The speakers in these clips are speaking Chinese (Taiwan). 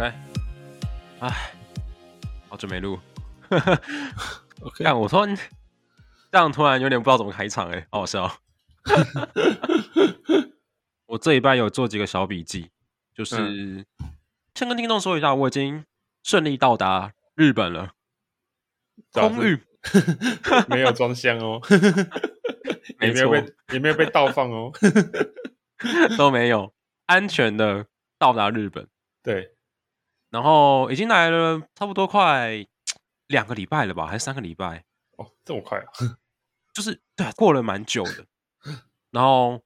來，哎、Okay.，好久沒錄哈哈，這 樣 Okay. 我突然這樣突然有點不知道怎麼開場、欸，哎好，好笑。 我這一半有做幾個小筆記，就是、嗯、先跟聽眾說一下，我已經順利到達日本了。公寓空欲 沒有裝箱哦 錯也，也沒有被也沒有被倒放哦，哈哈哈，都沒有，安全的到達日本。對。然後已經來了差不多快兩個禮拜了吧，還是三個禮拜？哦，這麼快啊！就是對啊，過了蠻久的。 然後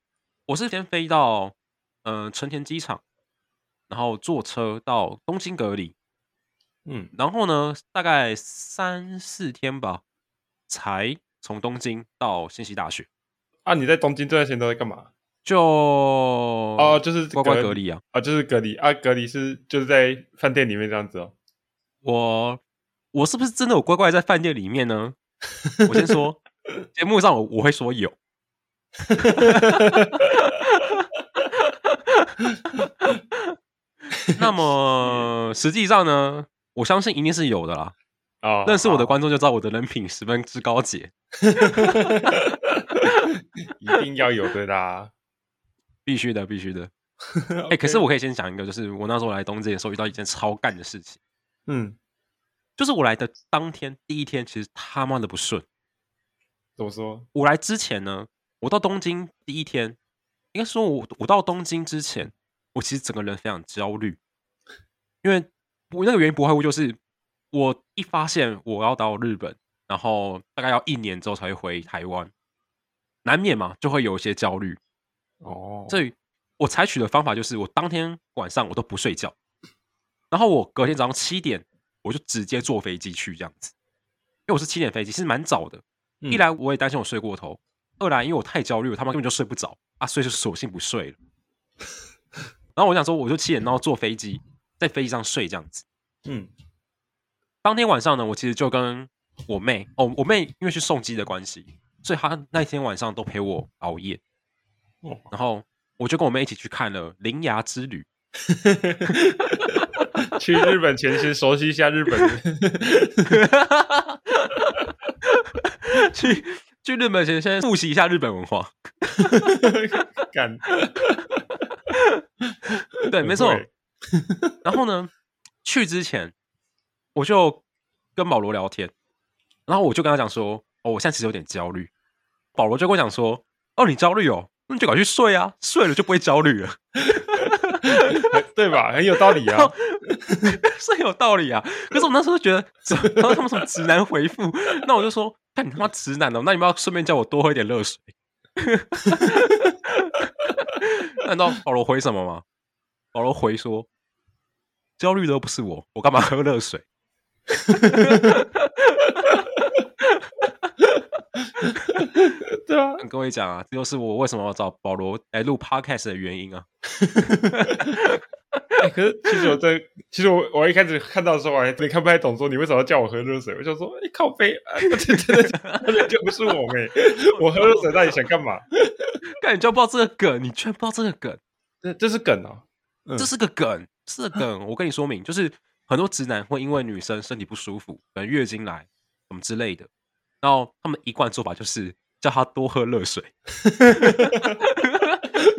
我是先飛到呃成田機場，然後坐車到東京隔離。嗯，然後呢，大概三四天吧，才從東京到信息大學。啊，你在東京這段時間都在幹嘛？就哦，就是乖乖隔離啊啊，就是隔離啊，隔離是就是在飯店裡面這樣子哦。我我是不是真的有乖乖在飯店裡面呢？我先說，節目上我，我會說有。那麼實際上呢，我相信一定是有的啦。認識我的觀眾就知道我的人品十分之高潔，一定要有對啦。必須的，必須的。哎 Okay.、欸，可是我可以先講一個，就是我那時候來東京的時候，遇到一件超幹的事情。嗯，就是我來的當天第一天，其實他媽的不順。怎麼說？我來之前呢，我到東京第一天，應該說，我我到東京之前，我其實整個人非常焦慮， 因為我那個原因不外乎，我就是我一發現我要到日本，然後大概要一年之後才會回台灣，難免嘛，就會有一些焦慮。哦，所以我採取的方法就是，我當天晚上我都不睡覺，然後我隔天早上七點我就直接坐飛機去這樣子，因為我是七點飛機，其實蠻早的。一來我也擔心我睡過頭，二來因為我太焦慮了，他媽根本就睡不着啊，所以就索性不睡了。然後我想說，我就七點然後坐飛機，在飛機上睡這樣子。嗯，當天晚上呢，我其實就跟我妹哦，我妹因為去送機的關係，所以她那天晚上都陪我熬夜。然後我就跟我妹一起去看了《鈴芽之旅》。 去日本前先熟悉一下日本。 去去日本前先複習一下日本文化。感對，沒錯。不會笑然後呢，去之前我就跟保羅聊天，然後我就跟他講說：“哦，我現在其實有點焦慮。”保羅就跟我講說：“哦，你焦慮哦。”那就搞去睡啊，睡了就不會焦慮了， 對吧？很有道理啊，是有道理啊。可是我那時候覺得麼，他們什麼直男回復，那我就說，但你他媽直男哦，那你不要順便叫我多喝一點熱水。你知道 保羅回什麼嗎？保羅回說，焦慮的都不是我，我幹嘛喝熱水？ 對啊，跟我講啊，這就是我為什麼要找保羅來錄 podcast 的原因啊。 欸、可是，其實我在，其實我我一開始看到的時候，我還看不太懂，說你為什麼要叫我喝熱水？我就說，哎、欸，靠杯，背、啊，真的真的就不是我唄。 我喝熱水，那 你想幹嘛？但 你不知道這個梗，你居然不知道這個梗，這這是梗哦、喔，嗯、這是個梗，是個梗。我跟你說明， 就是很多直男會因為女生身體不舒服，可能月經來什麼之類的。然後他們一貫做法就是叫他多喝熱水，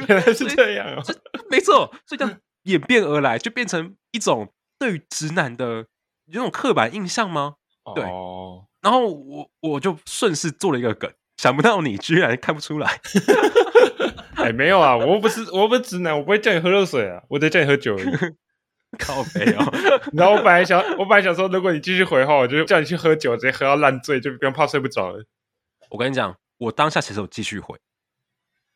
原來是這樣、哦，是，沒錯，所以這樣演變而來就變成一種對於直男的有種刻板印象嗎？對，哦、然後我我就順勢做了一個梗，想不到你居然看不出來， 哎，沒有啊，我不是我不是直男，我不會叫你喝熱水啊，我得叫你喝酒而已。 靠北哦， 然後我本來想，我本來想說，如果你繼續回的話，我就叫你去喝酒，直接喝到爛醉，就不用怕睡不着了。我跟你講，我當下其實我繼續回，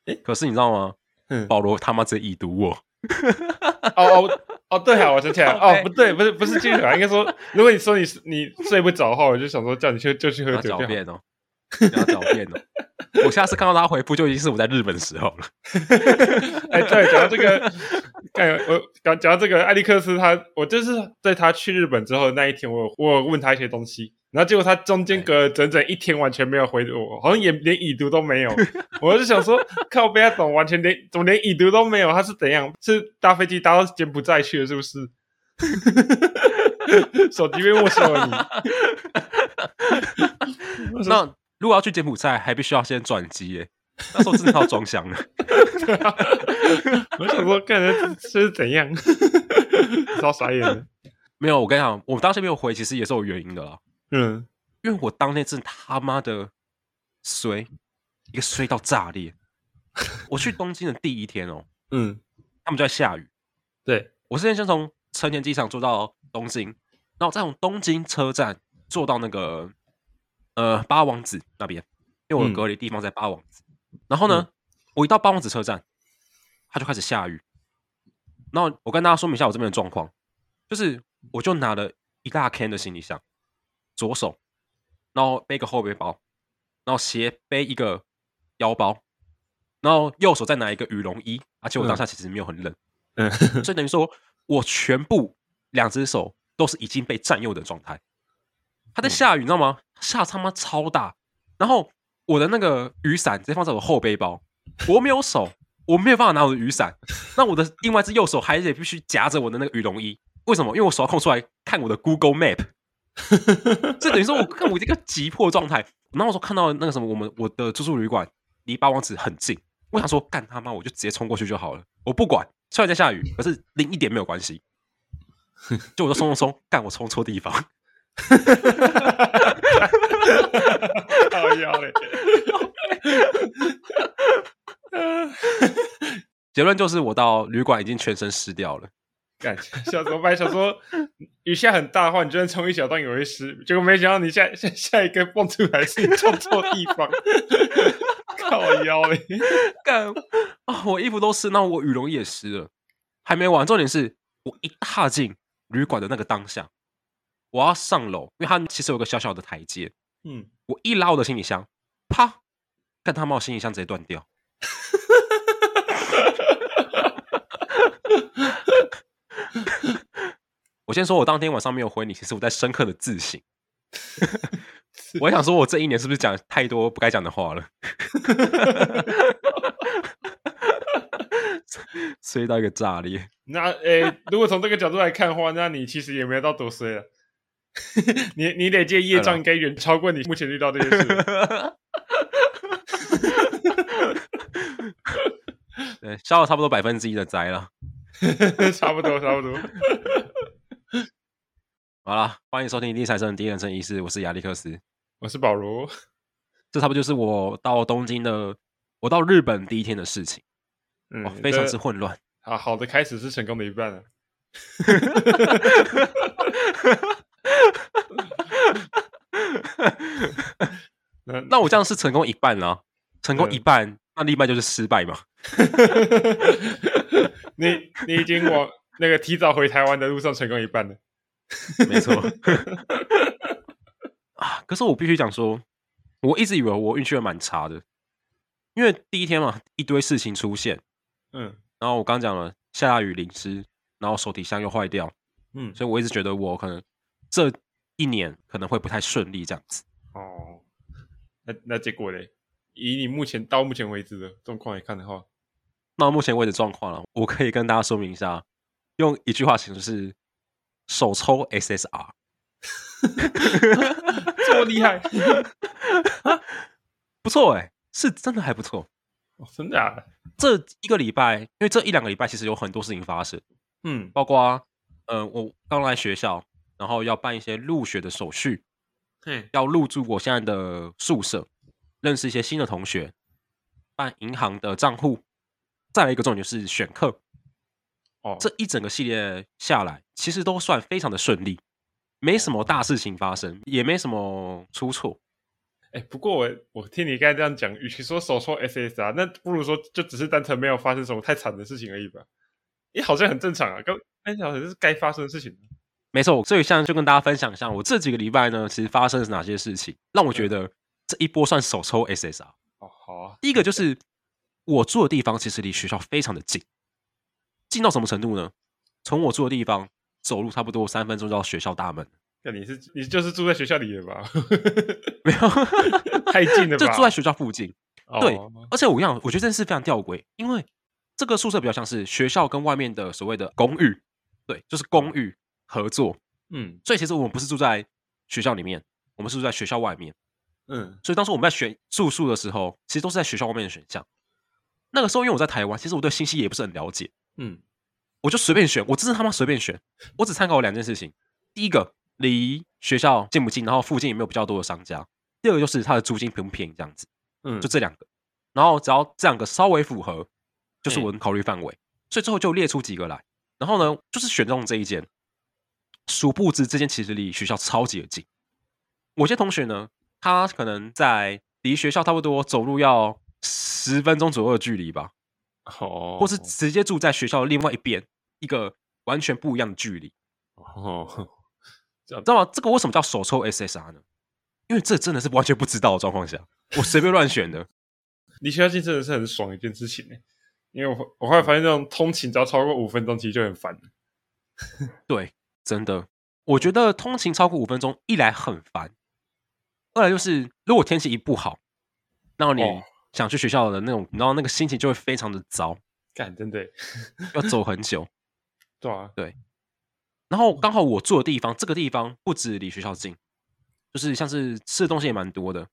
哎，可是你知道嗎？嗯、保羅他媽直接已讀我。 哦哦哦，對啊，我想起來哦，不對，不是不是繼續，回應該說，如果你說你你睡不着的話，我就想說叫你去就去喝酒。他要找遍了，我下次看到他回復就已經是我在日本的時候了。哎，對，講到這個，哎、欸，我講講到這個亞歷克斯他，他我就是在他去日本之後的那一天我，我我問他一些東西，然後結果他中間隔了整整一天，完全沒有回我，欸、好像也連已讀都沒有。 我就想說，靠，邊被他懂，完全連怎麼連已讀都沒有，他是怎樣？是搭飛機搭到柬埔寨去了，是不是？ 手機被沒收了。 那。如果要去柬埔寨，還必須要先轉機耶。那時候真的要裝箱了。沒想過客人是怎樣，超傻眼。沒有，我跟你講，我當時沒有回，其實也是有原因的啦。嗯，因為我當天真他媽的衰，一個衰到炸裂。我去東京的第一天哦、喔，嗯，他們就在下雨。對，我之前先從成田機場坐到東京，然後再從東京車站坐到那個。呃，八王子那邊，因為我的隔離地方在八王子，嗯、然後呢，我一到八王子車站，它就開始下雨。嗯、然後我跟大家說明一下我這邊的狀況，就是我就拿了一大 can 的行李箱，左手，然後背一個後背包，然後斜背一個腰包，然後右手再拿一個羽絨衣，而且我當下其實沒有很冷，嗯嗯、所以等於說我全部兩隻手都是已經被占用的狀態。它在下雨，你知道嗎？嗯下他媽超大，然後我的那個雨傘直接放在我後背包，我沒有手，我沒有辦法拿我的雨傘，那我的另外一只右手還得必須夾着我的那個羽絨衣，為什麼？因為我手要空出來看我的 Google Map，這 等於說我看我這個急迫狀態，然後我說看到那個什麼，我們我的住宿旅館離八王子很近，我想說幹他媽我就直接衝過去就好了，我不管，雖然在下雨，可是淋一點沒有關係，就我就冲冲冲，幹我衝錯地方。哈哈哈！哈哈哈！哈哈哈！靠腰咧！哈哈哈！哈哈哈！結論就是，我到旅館已經全身濕掉了。幹，想怎麼辦？想說雨下很大的話，你就算衝一小段也會濕。結果沒想到，你下下下一個蹦出來是你衝錯地方。靠 我腰嘞咧！幹啊、哦！我衣服都濕，那我羽絨也濕了。還沒完，重點是，我一踏進旅館的那個當下。我要上樓，因為它其實有個小小的台階。嗯，我一拉我的行李箱，啪！看他們，我的行李箱直接斷掉。 我先說，我當天晚上沒有回你，其實我在深刻的自省。 我想說，我這一年是不是講太多不該講的話了？吹 到一個炸裂。 那誒、欸，如果從這個角度來看的話，那你其實也沒到多衰了。 你你得借業障應該遠超過你目前遇到這些事。對，消了差不多百分之一的災了。 差不多，差不多。 好了，歡迎收聽《一粒財神》第一人稱軼事，我是亞歷克斯，我是保羅。 這差不多就是我到東京的，我到日本第一天的事情。嗯，哇，非常之混亂。啊，好的開始是成功的一半了 那，那我這樣是成功一半啦，成功一半，嗯、那另一半就是失敗嘛。 你你已經往那個提早回台灣的路上成功一半了， 沒錯錯 啊。可是我必須講說，我一直以為我運氣蠻差的，因為第一天嘛，一堆事情出現，嗯，然後我剛講了下大雨淋濕，然後手提箱又壞掉，嗯，所以我一直覺得我可能這。一年可能會不太順利，這樣子。哦，那那結果嘞？以你目前到目前為止的狀況來看的話，那到目前為止狀況了，我可以跟大家說明一下。用一句話形式，就是，首抽 SSR， 這麼厲害， 啊、不錯哎、欸，是真的還不錯。哦、真的啊？這一個禮拜，因為這一兩個禮拜其實有很多事情發生，嗯，包括嗯、呃、我剛來學校。然後要辦一些入學的手續，嗯、要入住我現在的宿舍，認識一些新的同學，辦銀行的賬戶，再來一個重點就是選課。哦，這一整個系列下來，其實都算非常的順利，沒什麼大事情發生，也沒什麼出錯。欸、不過我我聽你剛才這樣講，與其說首抽 S S R，、啊、那不如說就只是單純沒有發生什麼太慘的事情而已吧。也、欸、好像很正常啊，剛、欸、好像是該發生的事情。沒錯，所以現在就跟大家分享一下，我這幾個禮拜呢，其實發生了哪些事情，讓我覺得這一波算首抽 SSR 哦。好啊，第一個就是我住的地方其實離學校非常的近，近到什麼程度呢？從我住的地方走路差不多三分鐘就到學校大門，嗯。那你是你就是住在學校裡面 吧？沒有，太近了，就住在學校附近。對，而且我跟你講，我覺得這是非常吊詭，因為這個宿舍比較像是學校跟外面的所謂的公寓，對，就是公寓，嗯。合作，嗯，所以其實我們不是住在學校裡面，我們是住在學校外面，嗯，所以當時我們在選住宿的時候，其實都是在學校外面的選項。那個時候因為我在台灣，其實我對信息也不是很了解，嗯，我就隨便選，我真是他媽隨便選，我只參考兩件事情，第一個離學校近不近，然後附近有沒有比較多的商家，第二個就是它的租金便不便宜，這樣子，嗯，就這兩個，然後只要這兩個稍微符合，就是我考慮範圍，欸、所以最後就列出幾個來，然後呢，就是選中這一間。殊不知，這間其實離學校超級的近。我有些同學呢，他可能在離學校差不多走路要十分鐘左右的距離吧，哦，oh. 或是直接住在學校另外一邊，一個完全不一樣的距離，哦，oh. 這知道嗎？這個為什麼叫首抽 SSR 呢？因為這真的是完全不知道的狀況下，我隨便亂選的。離 學校近真的是很爽一件事情，欸，因為我我會發現，這種通勤只要超過五分鐘，其實就很煩。 對。真的，我覺得通勤超過五分鐘，一來很煩，二來就是如果天氣一不好，那你想去學校的那種，哦、然後那個心情就會非常的糟。幹，真的要走很久。 對啊，對。然後剛好我住的地方，這個地方不止離學校近，就是像是吃的東西也蠻多的，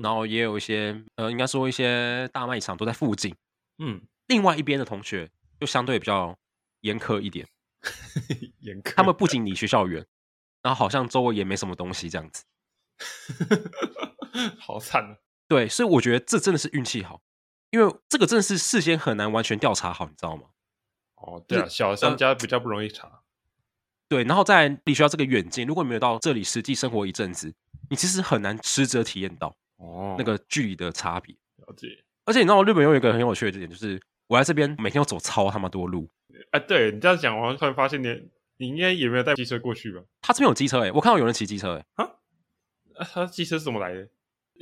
然後也有一些呃，應該說一些大賣場都在附近。嗯，另外一邊的同學就相對比較嚴苛一點。 格的 他們不僅離學校遠， 然後好像周圍也沒什麼東西這樣子， 好慘慘了 對，所以我覺得這真的是運氣好，因為這個真的是事先很難完全調查好，你知道嗎？哦，對啊，小商家比較不容易查。嗯、對，然後在離學校這個遠近，如果你沒有到這裡實際生活一陣子，你其實很難實則體驗到哦那個距離的差別。哦，了解。而且你知道，日本有一個很有趣的點，就是我在這邊每天要走超他媽多路，啊，對，你這樣講，我突然發現你，你應該也沒有帶機車過去吧？他這邊有機車誒、欸，我看到有人騎機車誒、欸。啊，他機車是怎麼來的？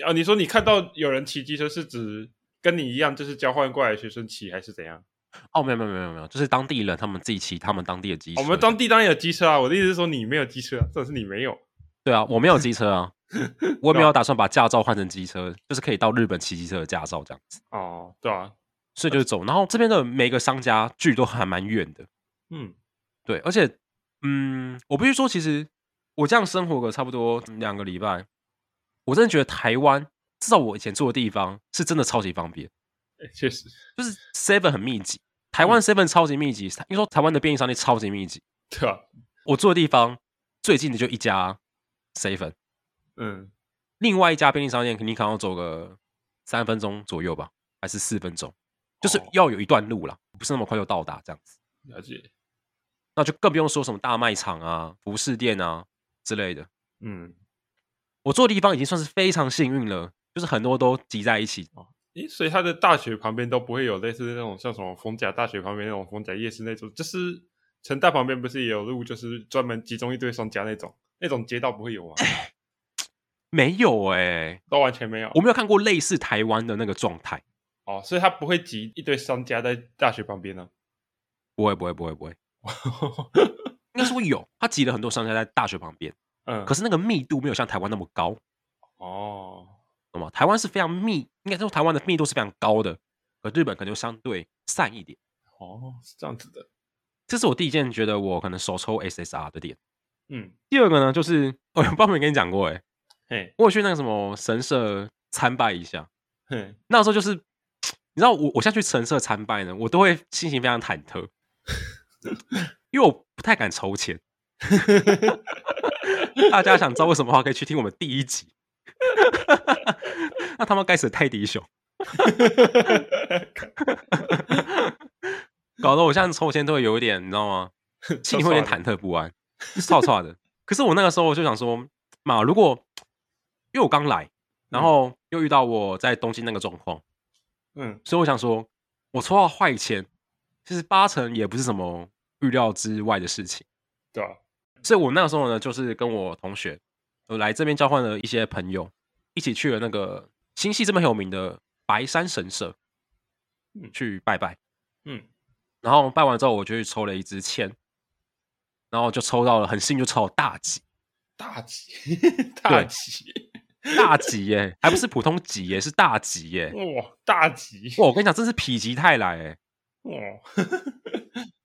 啊，你說你看到有人騎機車，是指跟你一樣，就是交換過來的學生騎，還是怎樣？哦，沒有沒有沒有沒有，就是當地人他們自己騎他們當地的機車。我們當地當然有機車啊，對我的意思是說你沒有機車，這是你沒有。對啊，我沒有機車啊， 啊我也沒有打算把駕照換成機車，就是可以到日本騎機車的駕照這樣子。哦，對啊。所以就走，然後這邊的每個商家距離都還蠻遠的，嗯，對，而且，嗯，我必須說，其實我這樣生活個差不多兩個禮拜，我真的覺得台灣至少我以前住的地方是真的超級方便，確實，就是 seven 很密集，台灣 seven 超級密集，因為說台灣的便利商店超級密集，對啊，我住的地方最近的就一家 seven，嗯，另外一家便利商店肯定可能要走個三分鐘左右吧，還是四分鐘。就是要有一段路啦，哦、不是那麼快就到達這樣子。了解，那就更不用說什麼大賣場啊、服飾店啊之類的。嗯，我住的地方已經算是非常幸運了，就是很多都擠在一起哦。誒，所以它的大學旁邊都不會有類似那種像什麼逢甲大學旁邊那種逢甲夜市那種，就是成大旁邊不是也有路，就是專門集中一堆商家那種，那種街道不會有啊？哎、沒有誒、欸，都完全沒有。我沒有看過類似台灣的那個狀態。哦，所以他不會擠一堆商家在大學旁邊呢、啊？不會，不會，不會，不會，應該是會有。他擠了很多商家在大學旁邊，嗯，可是那個密度沒有像台灣那麼高。哦，懂嗎？台灣是非常密，應該說台灣的密度是非常高的，而日本可能就相對散一點。哦，是這樣子的。這是我第一件覺得我可能首抽 SSR 的點。嗯，第二個呢，就是、哦欸、嘿我有報名跟你講過，嘿，我有去那個什麼神社參拜一下。嘿，那時候就是。你知道我我下去神社參拜呢，我都會心情非常忐忑，因為我不太敢抽籤。 大家想知道為什麼的話，可以去聽我們第一集。 那他們該死的泰迪熊， 搞得我現在抽籤都會有一點，你知道嗎？心情會有點忐忑不安，超帥的。是超帥的。 可是我那個時候我就想說，嘛，如果因為我剛來，然後又遇到我在東京那個狀況。嗯，所以我想說，我抽到壞籤，其實八成也不是什麼預料之外的事情。對啊，所以我那個時候呢，就是跟我同學，我來這邊交換了一些朋友，一起去了那個新潟這麼有名的白山神社，嗯、去拜拜。嗯，然後拜完之後，我就去抽了一支籤，然後就抽到了，很幸運就抽到大吉，大吉， 大吉。大吉耶，還不是普通吉耶，是大吉耶！哇，大吉！我跟你講，真是否極泰來耶！哇，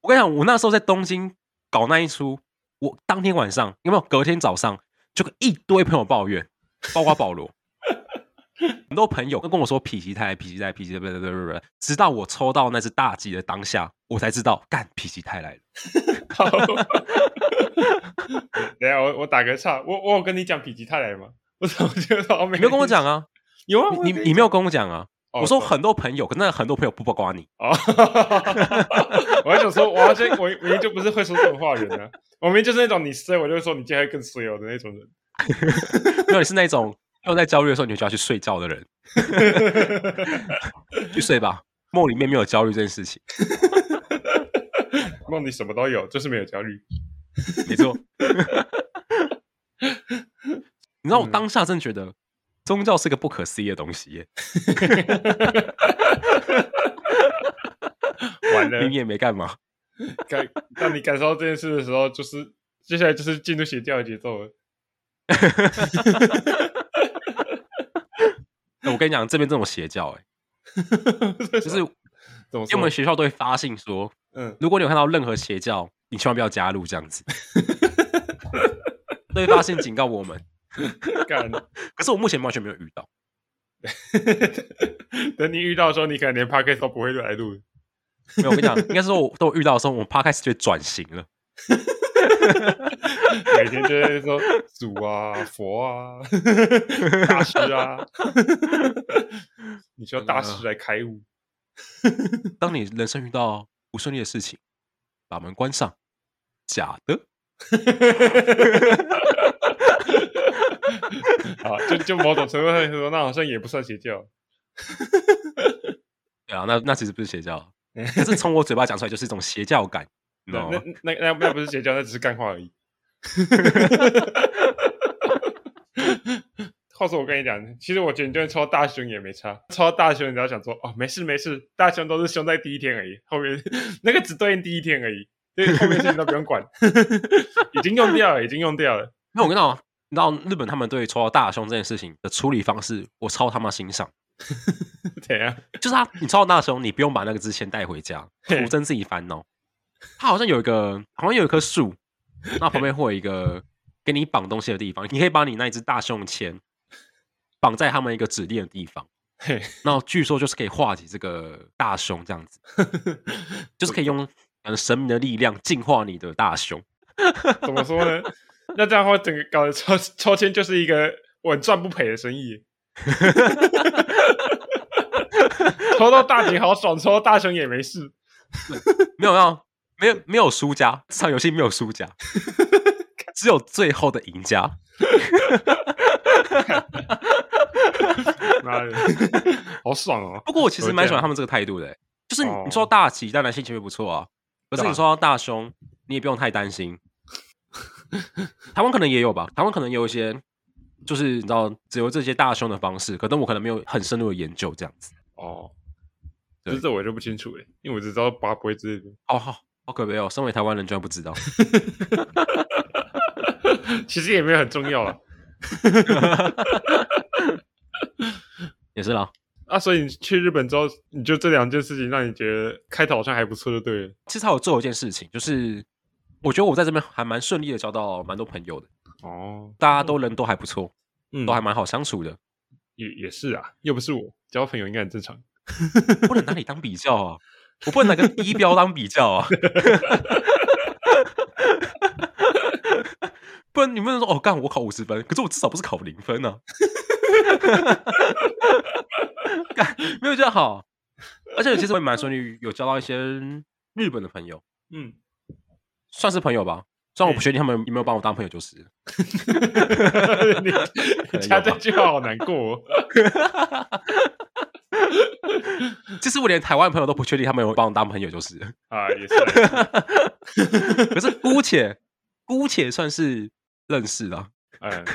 我跟你講哇， 我那時候在東京搞那一出，我當天晚上有沒有？隔天早上就跟一堆朋友抱怨，包括保羅， 很多朋友都跟我說否極泰來，否極泰來，否極泰來不不不來，直到我抽到那只大吉的當下，我才知道幹否極泰來了。等下我我打個岔，我我有跟你講否極泰來嗎？我怎麼覺得好美，你沒有跟我講啊？有，啊有你你沒有跟我講啊？我說很多朋友，可是 Okay. 很多朋友不八卦你啊。Oh. 我還想說我先，我要說，我我明明就不是會說這種話人啊。我明明就是那種你睡，我就會說你今天來更衰哦的那種人。因為 你是那種，要在焦慮的時候，你就要去睡覺的人。去 睡吧，夢裡面沒有焦慮這件事情。 夢裡什麼都有，就是沒有焦慮。 沒錯錯。 你知道我當下真覺得宗教是個不可思議的東西，欸。嗯、 完了，你也沒幹嘛。感當你感受到這件事的時候，就是接下來就是進入邪教的節奏了。我跟你講，這邊這種邪教，欸，哎，就是麼因為我們學校都會發信說，嗯，如果你有看到任何邪教，你千萬不要加入這樣子。都 會發信警告我們。 幹可是我目前完全沒有遇到。 等你遇到的時候，你可能連 podcast 都不會來錄。 沒有，我跟你講，應該是說我等我遇到的時候，我 podcast 就轉型了。 每天就是說，主啊，佛啊，大師啊， 你需要大師來開悟。 嗯啊、當你人生遇到不順利的事情，把門關上，假的。 好，就就某種程度上來說，那好像也不算邪教。 對啊，那那其實不是邪教，但是從我嘴巴講出來就是一種邪教感， 你知道嗎？那那那，那不是邪教，那只是幹話而已。或 者 我跟你講，其實我覺得你就算抽大胸也沒差， 抽大胸你只要想說哦，沒事沒事，大胸都是胸在第一天而已，後面那個只對應第一天而已，對，後面這些都不用管， 已經用掉了，已經用掉了。那我跟你說。然後日本他們對抽到大凶這件事情的處理方式，我超他媽欣賞。就是他，你抽到大凶，你不用把那個支籤帶回家，徒增自己煩惱。他好像有一個，好像有一棵樹，那旁邊會有一個給你綁東西的地方，你可以把你那一支大凶籤綁在他們一個指定的地方。那據說就是可以化解這個大凶這樣子，就是可以用嗯神明的力量淨化你的大凶。怎麼說呢？那這樣的話，整個搞的，抽抽籤就是一個穩賺不賠的生意。 抽到大吉好爽，抽到大凶也沒事。沒有，沒有，沒有，沒有，沒有輸家，這場遊戲沒有輸家，只有最後的贏家。好爽哦！不過我其實蠻喜歡他們這個態度的，欸，就是你說大吉，哦，當然心情會不錯啊，可是你說到大凶，啊，你也不用太擔心。台灣可能也有吧，台灣可能也有一些，就是你知道只有這些大胸的方式，可能我可能沒有很深入的研究這樣子哦，對這是這我就不清楚了、欸，因為我只知道八婆之類的，好好，好可悲哦，身為台灣人居然不知道， 其實也沒有很重要了， 也是啦，那、啊、所以你去日本之後，你就這兩件事情讓你覺得開頭好像還不錯，就對了。其實我有做一件事情就是。我覺得我在這邊還蠻順利的，交到蠻多朋友的哦。大家都人都還不錯，嗯，都還蠻好相處的。也也是啊，又不是我交朋友，應該很正常。不能拿你當比較啊， 我不能拿個低標當比較啊。 不然你不能說哦，幹我考五十分，可是我至少不是考零分呢，啊。 沒有這樣好，而且其實我也蠻順利，有交到一些日本的朋友。嗯。算是朋友吧，雖然我不確定他們，有沒有把我當朋友，就是 你講這句話好難過。 其實我連台灣朋友都不確定他們有沒有把我當朋友，就是啊，也是。 可是姑且 姑且算是認識啦。哎、嗯，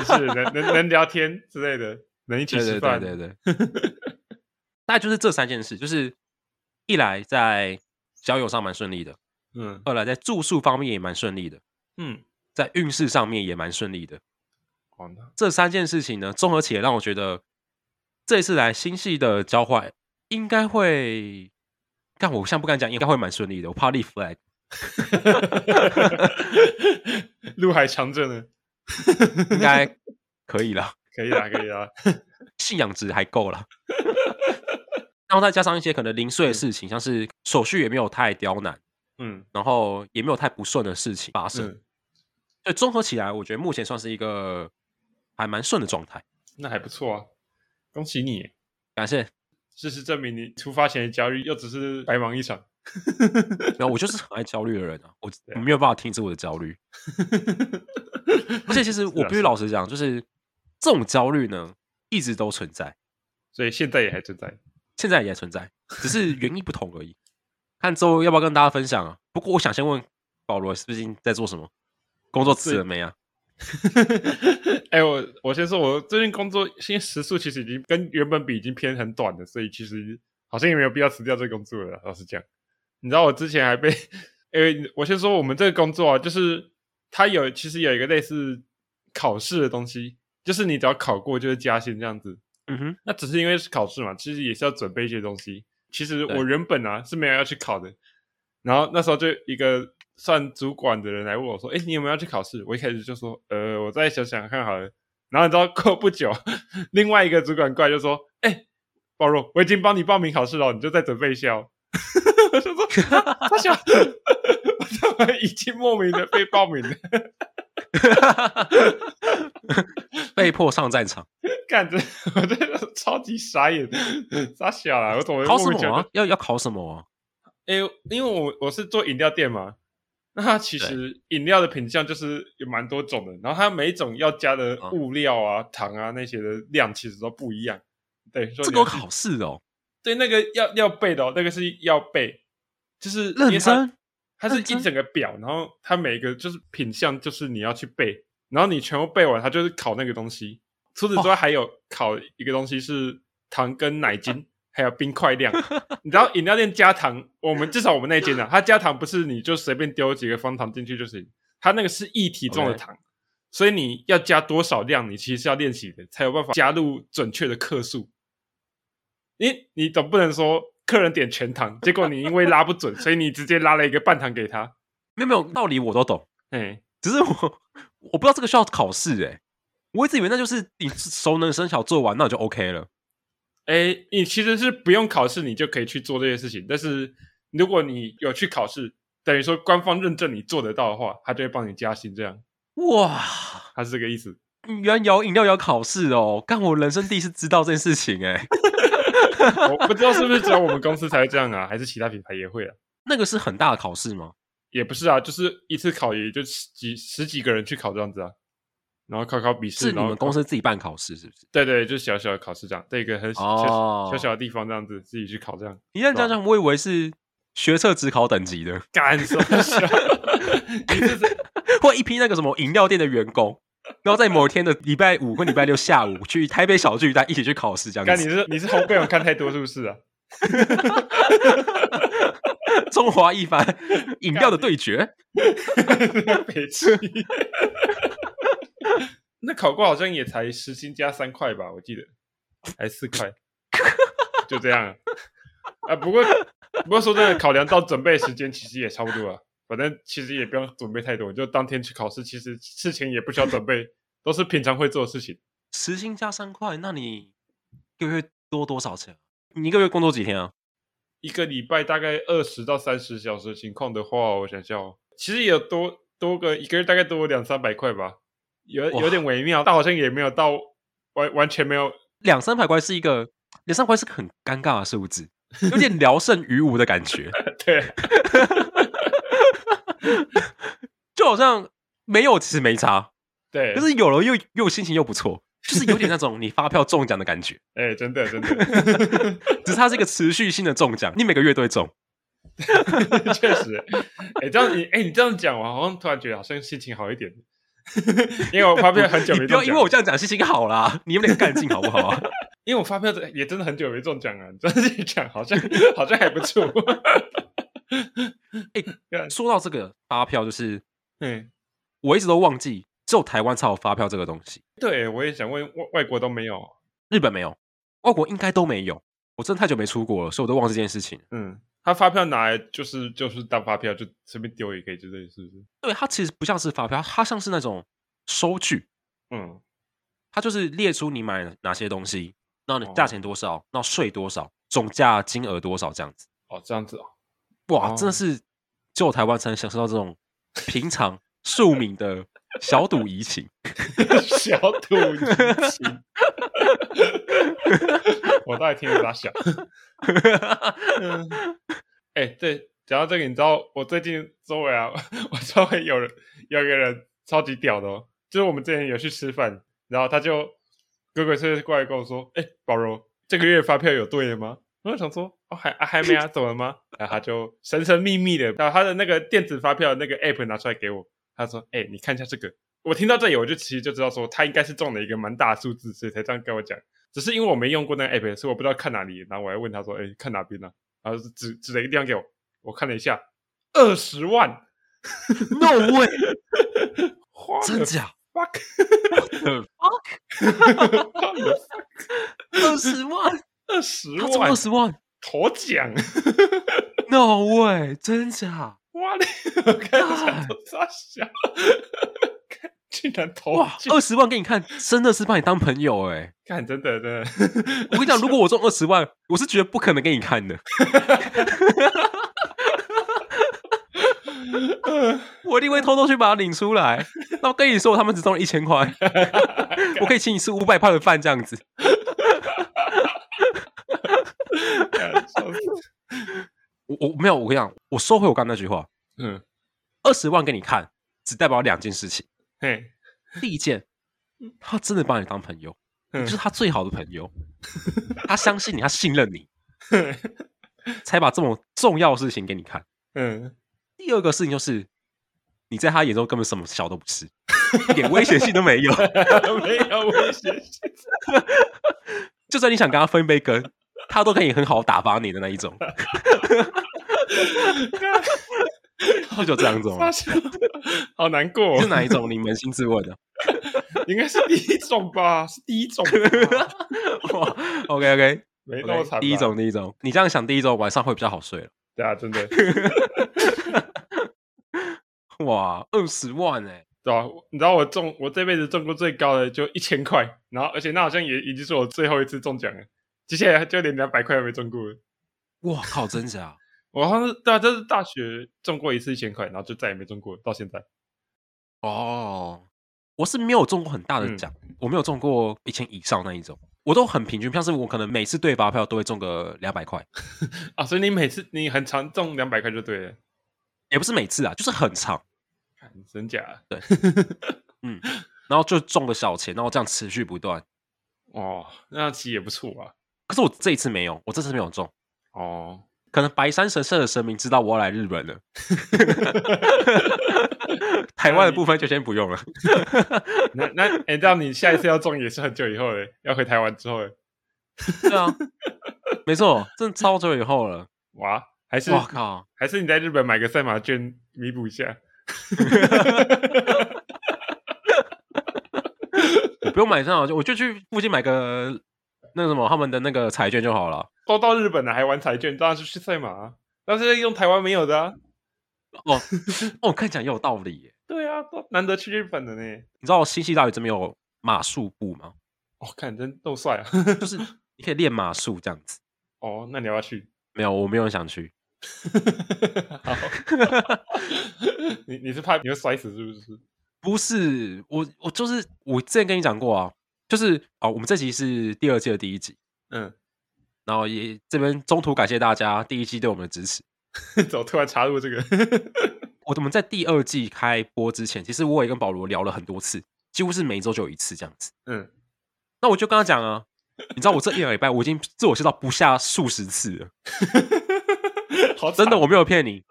認識能能能聊天之類的，能一起吃飯，對對，對對。大概就是這三件事，就是一來在交友上蠻順利的。嗯，後來在住宿方面也蠻順利的，嗯，在運勢上面也蠻順利的。嗯、這三件事情呢，綜合起來讓我覺得這一次來新潟的交換應該會，但我現在不敢講，應該會蠻順利的。我怕立 flag， 路還長着呢， 應該可以了， 可以啦可以啦， 信仰值還夠了。 然後再加上一些可能零碎的事情，嗯、像是手續也沒有太刁難。嗯，然後也沒有太不順的事情發生，就、嗯、綜合起來，我覺得目前算是一個還蠻順的狀態。那還不錯啊，恭喜你！感謝。事實證明，你出發前的焦慮又只是白忙一場。然後 我就是很愛焦慮的人啊，我，啊我沒有辦法停止我的焦慮。 而且，其實我必須老實講，就是 這種焦慮呢，一直都存在，所以現在也還存在，現在也還存在，只是原因不同而已。 那之後要不要跟大家分享啊？不過我想先問保羅最近在做什麼工作辭了沒啊？哎，我我先說，我最近工作現在時數其實已經跟原本比已經偏很短了，所以其實好像也沒有必要辭掉這個工作了。老實講，你知道我之前還被……哎、欸，我先說我們這個工作啊，就是它有其實有一個類似考試的東西，就是你只要考過就是加薪這樣子。嗯哼，那只是因為是考試嘛，其實也是要準備一些東西。其實我原本啊對是沒有要去考的，然後那時候就一個算主管的人來問我，我說：“哎，你有沒有要去考試？”我一開始就說：“呃，我再想想看好了。”然後你知道過不久，另外一個主管過來就說：“哎，保羅，我已經幫你報名考試了，你就再準備一下哦。” 我就說：“他想笑，我 已經莫名的被報名了。”哈哈哈哈哈！ 被迫上戰場，看着我真的超級傻眼。咋想啊？我怎麼會 考什麼、啊？要要考什麼？啊？呦、欸，因為我我是做飲料店嘛，那它其實飲料的品項就是有蠻多種的，對然後它每一種要加的物料啊、嗯、糖啊那些的量，其實都不一樣。對，這個考試哦，對那個要要背的哦，那個是要背，就是認真。它是一整個表，然後它每一個就是品項，就是你要去背，然後你全部背完，它就是考那個東西。除此之外，還有考一個東西是糖跟奶精，哦、還有冰塊量。 你知道飲料店加糖，我們至少我們那一間啊， 它加糖不是你就隨便丟幾個方糖進去就行，它那個是液體狀的糖，Okay. 所以你要加多少量，你其實要練習的才有辦法加入準確的克數。你你總不能說。客人點全糖，結果你因為拉不準， 所以你直接拉了一個半糖給他。沒有沒有，道理我都懂。哎、嗯，只是我我不知道這個需要考試哎、欸。我一直以為那就是你熟能生巧，做完那我就 OK 了。哎、欸，你其實是不用考試，你就可以去做這些事情。但是如果你有去考試，等於說官方認證你做得到的話，他就會幫你加薪這樣。哇，他是這個意思。原來搖飲料要考試哦！幹，我人生第一次知道這件事情哎、欸。 我不知道是不是只有我們公司才會這樣啊， 還是其他品牌也會啊？那個是很大的考試嗎？也不是啊，就是一次考也就十幾十幾個人去考這樣子啊，然後考考筆試。是你們公司自己辦考試是不是？對，對對，就是小小的考試這樣，對一個很小、oh. 小小的地方這樣子自己去考這樣。你這樣講，講，吧我以為是學測指考等級的，感受一下，或一批那個什麼飲料店的員工。要在某天的禮拜五或禮拜六下午去台北小巨蛋一起去考試，這樣子。但你是你是後輩，看太多是不是啊？ 中華一番飲料干 的對決，北七笑那考過好像也才時薪加三塊吧，我記得還四塊，就這樣。啊，不過不過說真的，考量到準備時間，其實也差不多啊。反正其實也不用準備太多，就當天去考試。其實事情也不需要準備， 都是平常會做的事情。時薪加三塊，那你一個月多多少錢？你一個月工作幾天啊？一個禮拜大概二十到三十小時情況的話，我想想，其實也有多多個一個月大概多兩三百塊吧，有有點微妙，但哇好像也沒有到完完全沒有。兩三百塊是一個兩三百塊是很尷尬的數字，有點聊勝於無的感覺。 對。 就好像沒有其實沒差，對，可是有了又又心情又不錯，就是有點那種你發票中獎的感覺。哎、欸，真的真的， 只是它是一個持續性的中獎，你每個月都會中。確 實，哎、欸，這樣你哎、欸，你這樣講，我好像突然覺得好像心情好一點，因為我發票很久沒中，因為我這樣講心情好啦，你有點幹勁好不好、啊？ 因為我發票也真的很久沒中獎啊，你這樣講好像好像還不錯。 哎， 欸、跟說到這個發票，就是嗯，我一直都忘記，只有台灣才有發票這個東西。對，我也想問，外外國都沒有，日本沒有，外國應該都沒有。我真的太久沒出國了，所以我都忘記這件事情。嗯，他發票拿來就是就是當發票，就隨便丟也可以，就這樣，是不是？對，他其實不像是發票，他像是那種收據。嗯，他就是列出你買哪些東西，然後你價錢多少，哦、然後稅多少，總價金額多少這樣子。哦，這樣子啊、哦。哇，真的是只有台灣才能享受到這種平常庶民的小賭怡情。 小賭怡情， 我倒也聽着他講。哎、嗯欸，對，講到這個，你知道我最近周圍啊，我周圍有人有一個人超級屌的，哦，就是我們之前有去吃飯，然後他就鬼鬼祟祟過來跟我說：“哎、欸，寶榮，這個月發票有對的嗎？” 我就想說，哦，還還、啊、還沒啊，怎麼了嗎？ 然後他就神神秘秘的把他的那個電子發票那個 app 拿出來給我，他說：“誒、欸、你看一下這個。”我聽到這裡，我就其實就知道說他應該是中了一個蠻大的數字，所以才這樣跟我講。只是因為我沒用過那個 app，所以我不知道看哪裡。然後我還問他說：“誒、欸、看哪邊呢、啊？”然後指指了一個地方給我，我看了一下，二十萬 ，no way，真假，fuck，fuck，二十萬。二十萬，他中二十萬，頭獎 ？No way，a y 真的假？哇，你看我獎都想？竟然投 哇，二十萬給你看，真的是把你當朋友哎，看真的真的。我跟你講，如果我中二十萬，我是絕不可能給你看的。 我一定會偷偷去把它領出來。那我跟你說，他們只中了一千塊， 我可以請你吃五百塊的飯，這樣子。 我我沒有，我跟你講，我收回我剛才那句話。嗯，二十萬給你看，只代表兩件事情。嘿，第一件，他真的把你當朋友，嘿你就是他最好的朋友，嘿他相信你，他信任你，嘿才把這麼重要的事情給你看。嗯嘿，第二個事情就是，你在他眼中根本什麼小都不是，嘿一點危險性都沒有， 沒有危險性， 就算你想跟他分一杯羹。他都可以很好打發你的那一種，就這樣子。 好難過喔。是哪一種？你捫心自問的， 應該是第一種吧？是第一種。 哇，OK OK，okay，沒那麼慘。第一種，第一種。你這樣想，第一周晚上會比較好睡了。對啊，真的。 哇，二十萬欸！對啊，你知道我中，我這輩子中過最高的就一千塊，然後而且那好像也已經是我最後一次中獎了。接下來就連兩百塊都沒中過，哇靠！好真假？ 我好像大就是大，大學中過一次一千塊，然後就再也沒中過到現在。哦，我是沒有中過很大的獎，嗯、我沒有中過一千以上那一種，我都很平均，像是我可能每次對發票都會中個兩百塊啊，所以你每次你很常中兩百塊就對了，也不是每次啊，就是很常。看真假、啊？對， 嗯，然後就中個小錢，然後這樣持續不斷。哦。那其實也不錯啊。可是我這一次沒有，我這次沒有中哦。Oh. 可能白山神社的神明知道我要來日本了。 台灣的部分就先不用了。那 那，你知道，欸，你下一次要中也是很久以後的，要回台灣之後的。是 啊，沒錯，真的超久以後了。哇，還是我靠，還是你在日本買個賽馬券彌補一下。 我不用買賽馬券，我就去附近買個。那個什麼，他們的那個彩券就好了。都到日本了，還玩彩券，當然是去賽馬啊。但是用台灣沒有的啊。哦 哦，我看講也有道理耶。對啊，難得去日本的呢。你知道我新西到有這麼有馬術部嗎？我看真斗帥啊！ 就是你可以練馬術這樣子。哦，那你要不要去？沒有，我沒有想去。哈你你是怕你會摔死是不是？不是，我我就是我之前跟你講過啊。就是哦，我們這集是第二季的第一集，嗯，然後也這邊中途感謝大家第一季對我們的支持。 怎麼突然插入這個？ 我怎麼在第二季開播之前，其實我也跟保羅聊了很多次，幾乎是每周就有一次這樣子。嗯，那我就跟他講啊，你知道我這一兩禮拜我已經自我介紹不下數十次了， 好慘真的我沒有騙你，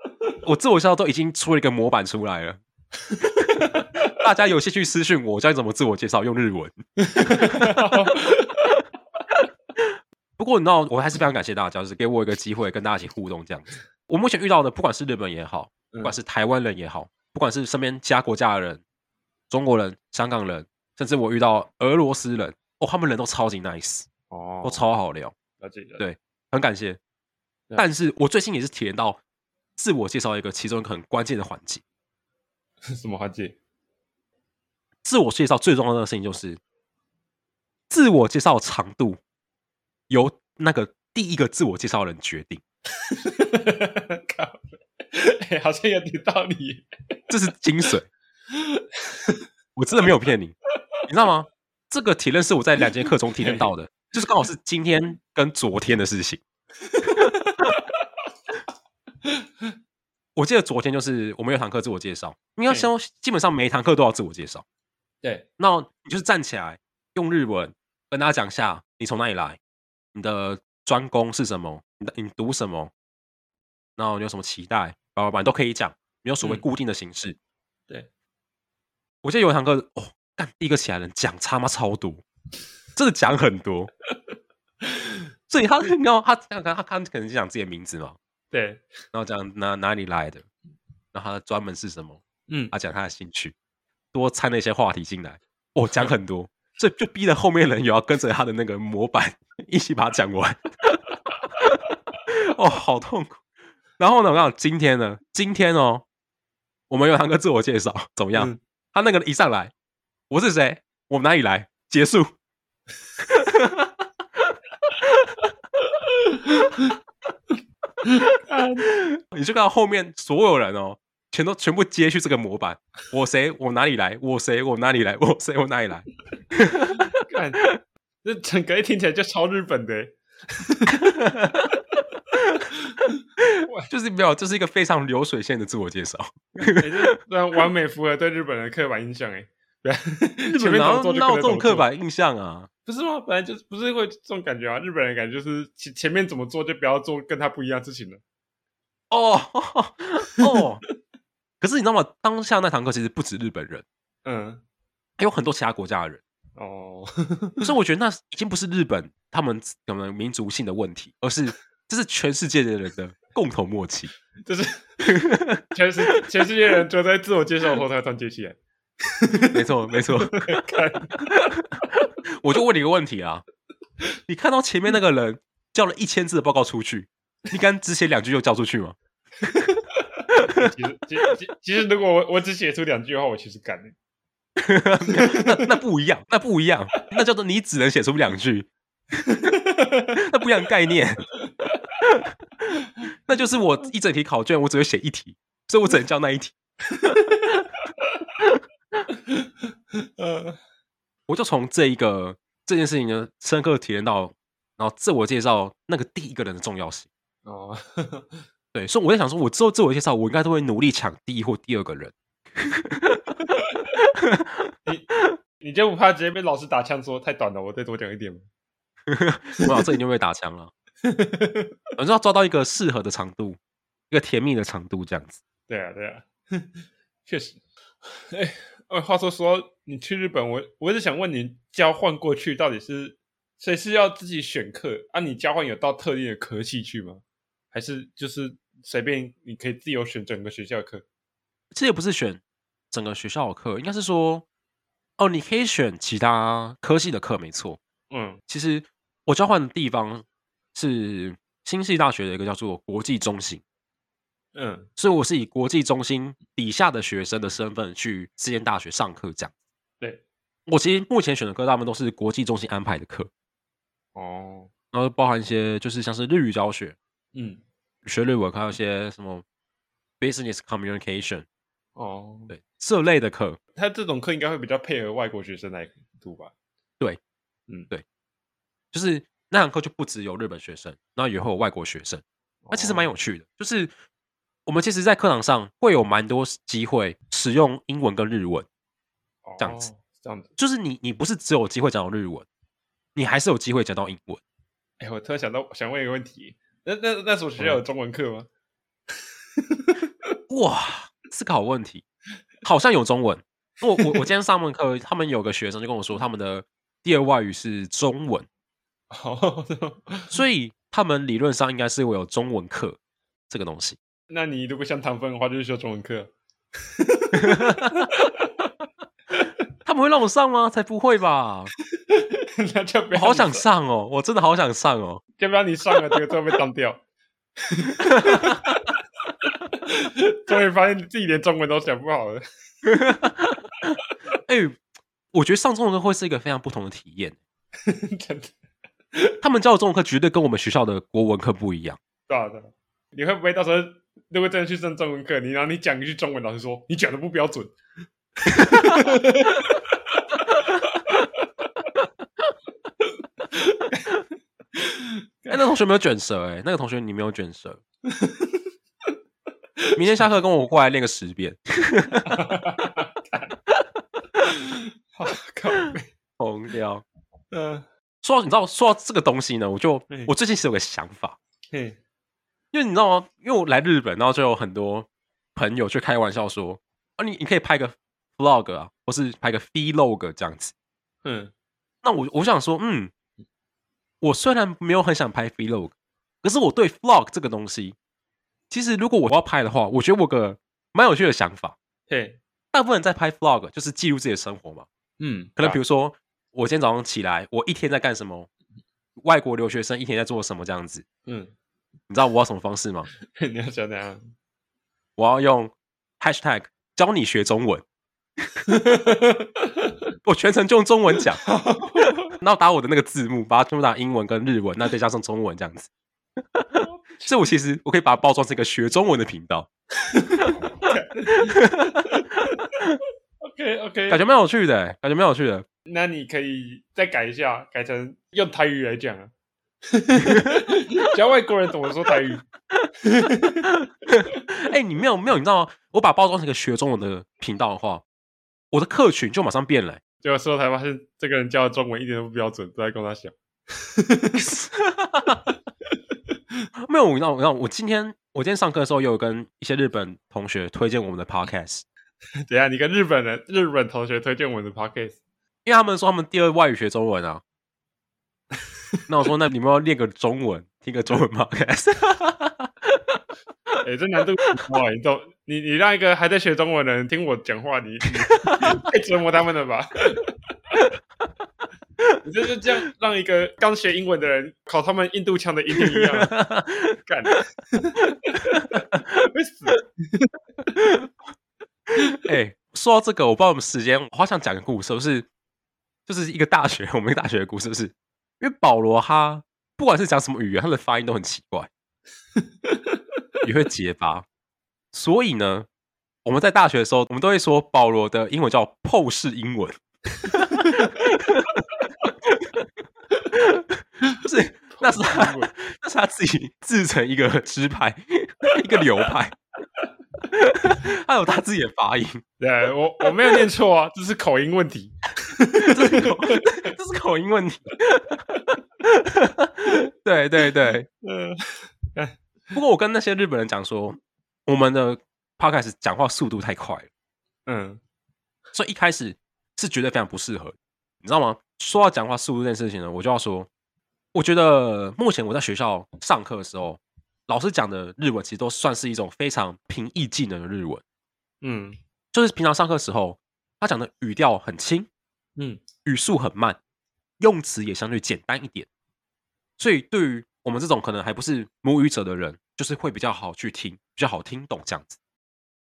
我自我介紹都已經出了一個模板出來了。 大家有興趣私訊，我教你怎麼自我介紹用日文。 不過你知道，我還是非常感謝大家，就是給我一個機會跟大家一起互動這樣子。我目前遇到的，不管是日本也好，不管是台灣人也好，嗯、不管是身邊其他國家的人，中國人、香港人，甚至我遇到俄羅斯人，哦，他們人都超級 nice 哦，都超好聊。了解，了解。對，很感謝。了解。但是我最近也是體驗到自我介紹一個其中一個很關鍵的環節。是什麼環節？自我介紹最重要的事情就是，自我介紹的長度由那個第一個自我介紹人決定。好像有點道理，這是精髓。我真的沒有騙你，你知道嗎？這個體認是我在兩節課中體認到的，就是剛好是今天跟昨天的事情。我記得昨天就是我們有堂課自我介紹，你要像基本上每一堂課都要自我介紹。對，那你就是站起來，用日文跟大家講下，你從哪裡來，你的專攻是什麼，你你讀什麼，然後你有什麼期待，叭叭叭，你都可以講，沒有所謂固定的形式、嗯。對，對，我記得有一堂課，哦，幹第一個起來的人講他媽，超多，真的講很多， 所以他然後他這他他可能就講自己的名字嘛，對，然後講哪哪裡來的，然後他的專門是什麼，嗯，他講他的興趣。多摻了一些話題進來，我、哦、講很多，所以就逼得後面人也要跟着他的那個模板一起把它講完， 哦，好痛苦。然後呢，我看到今天呢，今天哦，我們有堂哥自我介紹，怎麼樣？是他那個一上來，我是誰？我們哪裡來？結束。你就看到後面所有人哦。全都全部接續這個模板，我誰我哪裡來，我誰我哪裡來，我誰我哪裡來，看這 整個一聽起來就超日本的，欸， 哇就是沒有，這、就是一個非常流水線的自我介紹， 欸、完美符合對日本人的刻板印象哎、欸，對，日本老鬧這種刻板印象啊，不是嗎？本來就不是會這種感覺啊，日本人感覺就是前面怎麼做就不要做跟他不一樣的事情了，哦哦。可是你知道嗎？當下那堂課其實不止日本人，嗯，還有很多其他國家的人哦。 可是我覺得那已經不是日本他們怎麼民族性的問題，而是這、就是全世界的人的共同默契。就是全世全世界的人就在自我介紹後才穿階級。沒錯，沒錯看。 我就問你一個問題啊，你看到前面那個人交了一千字的報告出去，你敢只寫兩句就交出去嗎？其實，其實，其實如果我我只寫出兩句的話，我其實敢 那，那不一樣，那不一樣，那叫做你只能寫出兩句， 那不一樣概念。 那就是我一整題考卷，我只會寫一題，所以我只能叫那一題。 uh、我就從這一個這件事情呢，深刻體驗到，然後自我介紹那個第一個人的重要性。哦、uh。 對，所以我在想說我，我做自我介紹，我應該都會努力搶第一或第二個人。 你你就不怕直接被老師打槍說太短了？我再多講一點嗎？ 我老師已經被打槍了。反正 要抓到一個適合的長度，一個甜蜜的長度，這樣子。對啊，對啊， 確實。哎，呃，話說說你去日本，我我一直想問你，交換過去到底是誰是要自己選課？啊，你交換有到特定的科系去嗎？還是就是？隨便你可以自由選整個學校的課，這也不是選整個學校的課，應該是說，哦，你可以選其他科系的課，沒錯。嗯，其實我交換的地方是新系大學的一個叫做國際中心，嗯，所以我是以國際中心底下的學生的身份去這間大學上課，這樣、嗯。對，我其實目前選的課大部分都是國際中心安排的課，哦，然後包含一些就是像是日語教學，嗯。學日文還有一些什麼 business communication 哦、oh.，對，這類的課，他這種課應該會比較配合外國學生來讀吧？對，嗯，對，就是那堂課就不只有日本學生，然後也會有外國學生，那其實蠻有趣的。Oh. 就是我們其實，在課堂上會有蠻多機會使用英文跟日文，oh, 這樣子，這樣子，就是你，你不是只有機會講到日文，你還是有機會講到英文。哎、欸，我突然想到，想問一個問題。那那那所學校有中文課嗎？ 哇，這個好問題，好像有中文。我我我今天上課，他們有個學生就跟我說，他們的第二外語是中文。Oh, no. 所以他們理論上應該是我有中文課這個東西。那你如果想談分的話，就是學中文課。 不會讓我上嗎？才不會吧！ 我好想上哦、喔，我真的好想上哦、喔！要不然你上啊，這個最後被當掉。終於 發現自己連中文都講不好了。哎、 欸，我覺得上中文課會是一個非常不同的體驗。 的他們教的中文課絕對跟我們學校的國文課不一樣 對、啊對啊。對啊，你會不會到時候，如果真的去上中文課，你然後你講一句中文，老師說你講的不標準。 哎、欸，那同學沒有卷舌哎，那個同學你沒有卷舌。 明天下課跟我過來練個十遍。哈哈哈哈嗯，掉呃、說到你知道說到這個東西呢，我就我最近是有個想法。哈、嗯嗯、因為你知道嗎？因為我來日本，然後就有很多朋友去開玩笑說啊，你你可以拍個 vlog 啊，或是拍一個 vlog 這樣子。哈、嗯、那我我想說，嗯。我雖然沒有很想拍 vlog，可是我對 vlog 這個東西，其實如果我要拍的話，我覺得我個蠻有趣的想法。對，大部分人在拍 vlog 就是記錄自己的生活嘛。嗯，可能比如說、啊、我今天早上起來，我一天在幹什麼？外國留學生一天在做什麼？這樣子。嗯，你知道我要什麼方式嗎？ 你要想怎樣？我要用 hashtag 教你學中文。 我全程就用中文講，然後打我的那個字幕，把它全部打英文跟日文，那再加上中文這樣子，所以，我其實我可以把它包裝成一個學中文的頻道。OK OK，感覺蠻有趣的、欸，感覺蠻有趣的。那你可以再改一下，改成用台語來講啊， 教外國人怎麼說台語。 哎、 欸，你沒有沒有，你知道嗎？我把包裝成一個學中文的頻道的話。我的客群就馬上變了，最後才發現這個人教的中文一點都不標準，都在跟他講。沒有，我那我我今天我今天上課的時候，又跟一些日本同學推薦我們的 podcast。等一下，你跟日本的日本同學推薦我們的 podcast， 因為他們說他們第二外語學中文啊。 那我說，那你們要練個中文，聽個中文 podcast。 哎，這難度哇、啊！你都你你讓一個還在學中文的人聽我講話，你太折磨他們了吧？ 你就是這樣讓一個剛學英文的人考他們印度腔的英語一樣，幹！會死！哎，說到這個，我不知道我們時間，我好想講個故事，是不是？就是一個大學，我們一個大學的故事，是不是？因為保羅哈，不管是講什麼語言，他的發音都很奇怪。 也會結巴，所以呢，我們在大學的時候，我們都會說保羅的英文叫 “Pose 英文”，就 是音音那是他那是他自己制成一個支派， 一個流派。哎， 有他自己的發音，對我我沒有念錯啊，這是口音問題，這是口音問題。對對對，嗯、呃，欸不過我跟那些日本人講說，我們的 podcast 講話速度太快了，嗯，所以一開始是覺得非常不適合，你知道嗎？說到講話速度這件事情呢，我就要說，我覺得目前我在學校上課的時候，老師講的日文其實都算是一種非常平易近人的日文，嗯，就是平常上課時候他講的語調很輕，嗯，語速很慢，用詞也相對簡單一點，所以對於我們這種可能還不是母語者的人，就是會比較好去聽，比較好聽懂這樣子。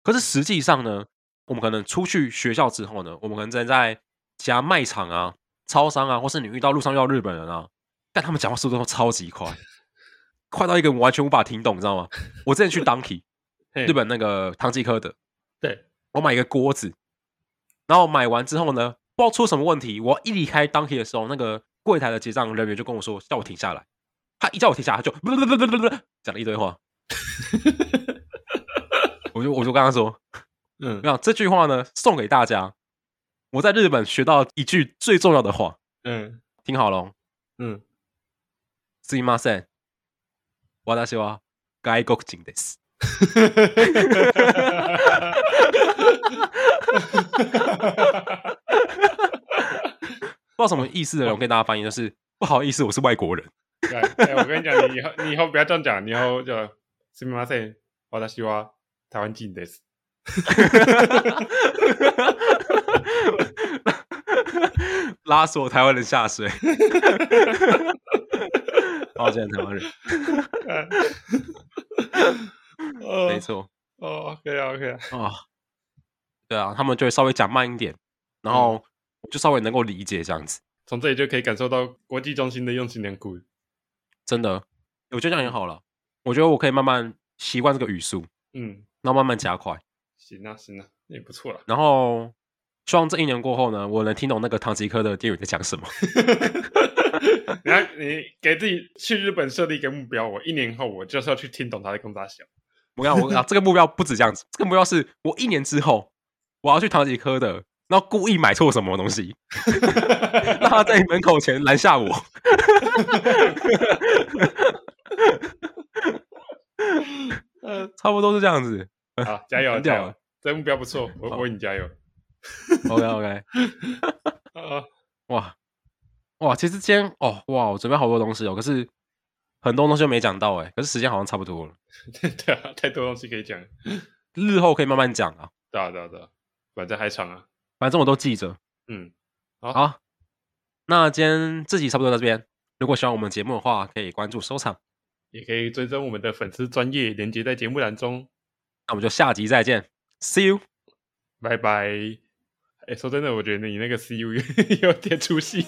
可是實際上呢，我們可能出去學校之後呢，我們可能在其他賣場啊、超商啊，或是你遇到路上遇到日本人啊，但他們講話速度都超級快， 快到一個完全無法聽懂，你知道嗎？我之前去 Dunkie， 對日本那個唐吉訶德，對我買一個鍋子，然後買完之後呢，不知道出什麼問題，我一離開 Dunkie 的時候，那個櫃台的結賬人員就跟我說，叫我停下來。他一叫我停下，他就不不不不不不講了一堆話。我就我就跟他說，嗯，沒有，這句話呢，送給大家。我在日本學到一句最重要的話，嗯，聽好囉，嗯，すいません、私は外國人です。不知道什麼意思的人，我跟大家翻譯就是不好意思，我是外國人。 對，對，我跟你講，你以後你以後不要這樣講，你以後就斯密馬塞、瓦達西瓦、台灣金德斯，拉死我台灣人下水， 抱歉，台灣人， 沒錯，哦，可以，可以，哦，對啊，他們就會稍微講慢一點，然後就稍微能夠理解這樣子。從、嗯、這裡就可以感受到國際中心的用心良苦。真的，我覺得這樣也好了。我覺得我可以慢慢習慣這個語速，嗯，然後慢慢加快。行了、啊，行了、啊，那也不錯了。然後，希望這一年過後呢，我能聽懂那個唐吉訶德的電影在講什麼。 你看，你給自己去日本設立一個目標，我一年後我就是要去聽懂他在 跟他講。我跟你講，我講，這個目標不止這樣子，這個目標是我一年之後我要去唐吉訶德。然後故意買錯什麼東西， 讓他在你門口前攔下我 。 差不多是這樣子。好，加油， 了加油！這目標不錯 好，我為你加油。OK，OK。哇哇，其實今天哦，哇，我準備好多東西哦，可是很多東西都沒講到哎，可是時間好像差不多了。對啊，太多東西可以講，日後可以慢慢講啊，啊。對啊，對啊，對啊，反正還長啊。反正我都記着，嗯，好，好，那今天這集差不多到這邊。如果喜歡我們節目的話，可以關注收藏，也可以追蹤我們的粉絲專頁連接在節目欄中。那我們就下集再見，see you，拜拜。哎，說真的，我覺得你那個 see you 有點出戲。